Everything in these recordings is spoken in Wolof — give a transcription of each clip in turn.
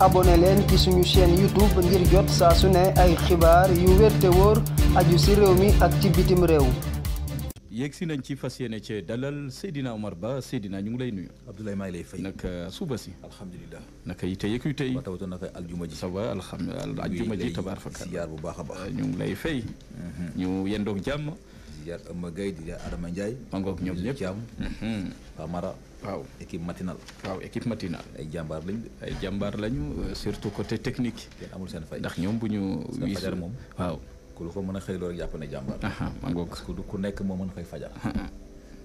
abonné leen ci suñu chaîne YouTube ngir jot saa su ne ay xibaar yu wér te wóor aju si réew mi ak ci bitim réew. yéeg si nañ ci fas yéene ci dalal Seydina Omar Ba Seydina ñu ngi lay nuyu. Abdoulaye maa ngi lay fay. naka suba si. alhamdulilah naka yi tey yëkkuy tey. waaw naka aljuma ji. ça va alhamdulilah aljuma ji tabaar fa. bu baax a baax ñu ngi lay fay. Mhm. ñu yendoog jàmm. di jaar Ëmma Gueye di jaar Adama Ndiaye. mangoog ñoom ñëpp Thiam. Famara. Mhm. waaw équipe matinale. waaw équipe matinale. ay jàmbaar lañu ay jàmbaar lañu surtout côté technique. kenn amul seen fay ndax ñoom bu ñu. wisu moom waaw. ku lu ko mën a xëy loolu rek jàpp ne jàmbaar. ku nekk moo mën a xëy fajar.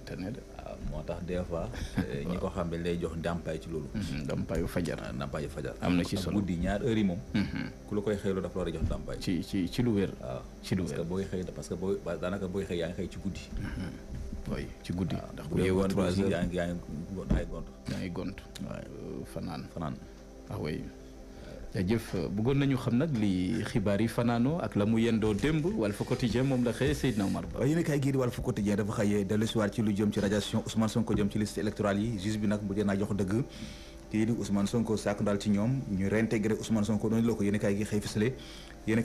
tane ah, moo tax des fois. Eh, ñi ko xam ne lay jox dàmpaay ci loolu. Mm-hmm. ndàmpaayu fajar. Ah, ndàmpaayu fajar. am na ci solo guddi ñaar heure yi moom. Mm-hmm. ku la koy xëy dafa war a jox ndàmpaay. ci ci ci lu wér. waaw ah, lu wér parce que booy parce que booy daanaka booy xëy yaa ngi xëy ci guddi. Mm-hmm. oui ci guddi. ndax bu yeewoo trois heures yaa ngi yaa ngi gont. yaa ngi gont. fanaan fanaan. ah oui. jëf bëggoon nañu xam nag li xibaar yi fanaanoo ak la mu yendoo démb Walf Quotidien moom la xëyee Seydina Omar Ba yéen a ñu gi xëy fësale yéen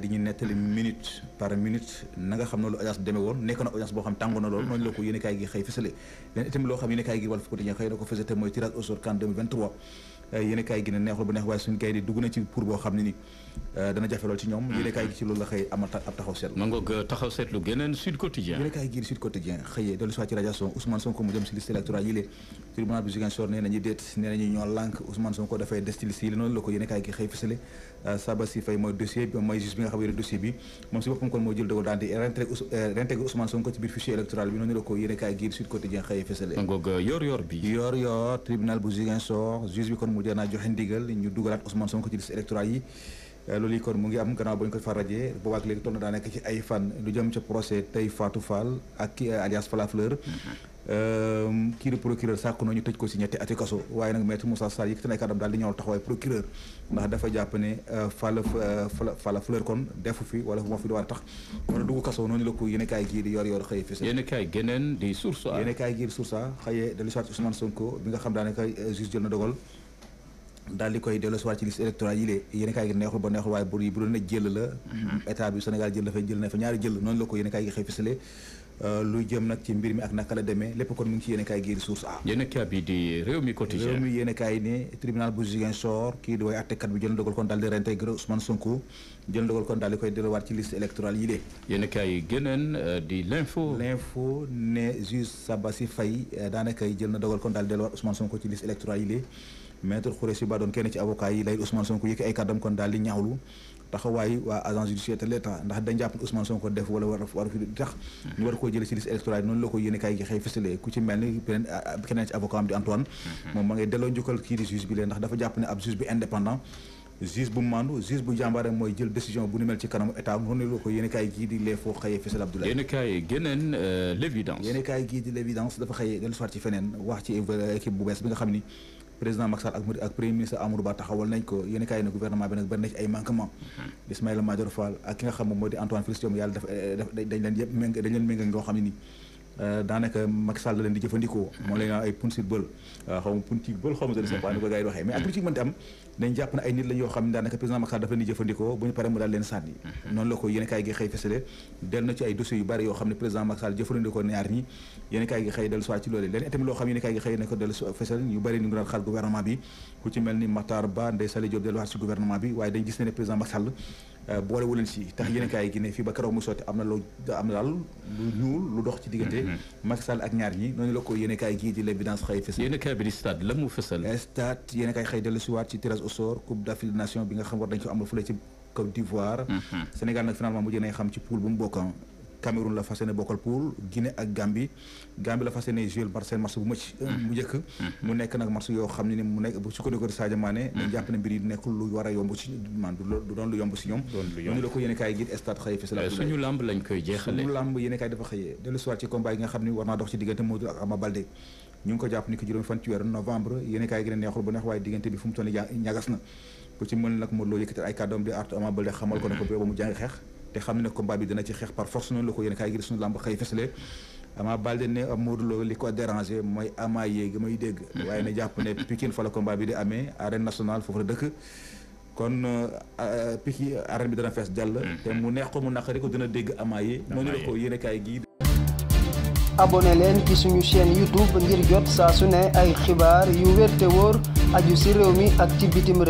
di ñu nettali minute par minute na xam ne lu audience demee woon nekk na audience boo xam tàngoon na lool noonu la ko yéen a kaay gi xëy fësale leen itam loo xam yéen a kaay gi Walf Quotidien xëy na ko fësate mooy tirage au sort kan 2023 Euh, yéen kaay gi ne neexul bu neex waaye suñu kay dugg na ci pour boo xam ne ni euh, dana jafe lool ci ñoom mm-hmm. yéen kaay gi euh, Sud Quotidien yéen fësale Sabassi ngoog yor yor bi yor yor tribunal bu Ziguinchor juge bi kon mu dee naa joxe ndigal ñu dugalaat Ousmane Sonko ci liste électorale yi euh, loolu yi kon mu ngi am gannaaw ba ñu ko fa rajee boobaak léegi toll na daa nekk ci ay fan lu jëm ca procès tey Fatou Fall ak ki euh, alias Falafleur euh, kii di procureur sàkku na ñu tëj ko si ñetti ati kaso waaye nag maître Moussa Sarr yëkkati na ay kàddam daal di ñëwal taxawaay procureur ndax dafa jàpp ne Falla Falla Fleur kon defu fi wala moo fi di war a tax wala dugg kaso noonu la ko yéen kaay gii di yor yor xëye fi yéen kaay geneen di source yéen kaay gii di source xëyee dellu si Ousmane Sonko bi nga xam daanaka juge jël na dogal daal di koy delloosiwaat ci liste électorale yi lée yéen kaay gi neexul ba neexul waaye bu bu doon ne jël la mhm. état bi Sénégal jël dafay jël na fa ñaari jël noonu la ko yéen kaay gi xëy fisale Euh, lu jëm nag ci mbir mi ak naka la demee lépp kon mu ngi ci yéen a kaay gii source a yéen a kaay bi di réew mi quotidien réew mi yéen a kaay ne tribunal bu Ziguinchor kii di way àttekat bi jël dogal kon daal di réintégré Ousmane Sonko jël dogal kon daal di koy delluwaat ci liste électorale yi de yéen a kaay geneen euh, di l'info l'info ne juge Sabassi Faye euh, daanaka jël na dogal kon daal di delluwaat Ousmane Sonko ci liste électorale yi de maître Khoureyssi Ba doon kenn ci daal di ñaawlu taxawaayu waa agence judiciaire de l' état ndax dañ jàpp ne Ousmane Sonko def wala war waru fi tax ñu war koo jëlee ci liste électorale noonu la ko yéene kaay gi xëy fësale ku ci mel ni beneen ah, ah, keneen ci avocat am di Antoine mhm. moom ma ngay delloo njukkal kii di juge bi lee ndax dafa jàpp ne ab juge bi indépendant juge bu mandu juge bu jàmbaare mooy jël décision bu ni mel ci kanamu état noonu la ko yéene kaay gii di lee foo xëyee Fessel Abdoulaye yéene kaay géneen euh, l' évidence yéene kaay gii di l' évidence dafa xëyee dellu soit ci feneen wax ci équipe bu bees bi nga xam ni président Macky Sall ak ak premier ministre Amadou Ba taxawal nañ ko yéen kaay ne gouvernement bi nag bari ay manquement hmm. Ismaïla Madior Fall ak nga xam moo di Antoine Félix yàlla eh, def dañ leen dañ leen ngoo xam ne Euh, daanaka Macky Sall leen di jëfandikoo moo leen ay punsit bël euh, xaw ma punti bël xaw ma je ne sais pas ni ko gars yi waxee mais ak lu ci am dañ jàpp na ay nit lañ yoo xam ne daanaka président Macky Sall dafa leen di jëfandikoo bu ñu paree mu mhm. gi xëy fësale soit ci loolu leen itam loo xam yéen gi xëy ne ko dellu fësal bari ñu ngi doon xaar gouvernement bi ku ci mel ni Matar Ba Ndeye Sali Diop delluwaat ci gouvernement bi waaye dañ gis ne président Macky Euh, boole wu leen si tax yéen kaay gi ne fii ba keroog mu sotti am na lu am na daal lu ñuul lu dox ci diggante mhm. Macky ak ñaar ñi noonu la ko yéen kaay gii di l'évidence xëy fësal yéen bi di stade la mu fësal euh, stade yéen kaay dellu si waat ci tirage au sort coupe d'Afrique des nations bi nga xam war dañ ko amal fële ci Côte d'Ivoire mhm. Sénégal nag finalement mujj nañ xam ci poule bu mu bokkan Cameroun la fas yéene bokkal pool Guinée ak Gambie Gambie la fas seen match bu mu euh, mm-hmm. njëkk mm-hmm. mu nekk nag match yoo xam ni mu nekk bu sukkandiku mm-hmm. ko euh, xam ne diggante Modou ak Ama Baldé ñu ngi ko jàpp ni ko juróomi fan novembre yéene gi ne neexul bu neex waaye diggante bi fu mu toll ñagas na ku ci mën nag Modou Lô yëkkati ay kàddoom di artu Ama Baldé xamal ko ne ko mu jàngi xeex te xam ne combat bi dina ci xeex par force noonu la ko yéen kaay gi suñu làmb xëy fesale Ama Baldé ne Modou Lo li ko dérangé mooy ama yéegi may dégg mm-hmm. waaye ne jàpp ne Pikine fala la bi di amee arène nationale foofu la dëkk kon euh, euh, Pikine arène bi dana fees dell mm-hmm. te mu neex ko mu naqari ko dina dégg ama yee noonu la ko yéen kaay gi abonné ci suñu chaîne YouTube ngir jot saa su ne ay xibaar yu wér te wóor aju ci réew mi ak ci bitim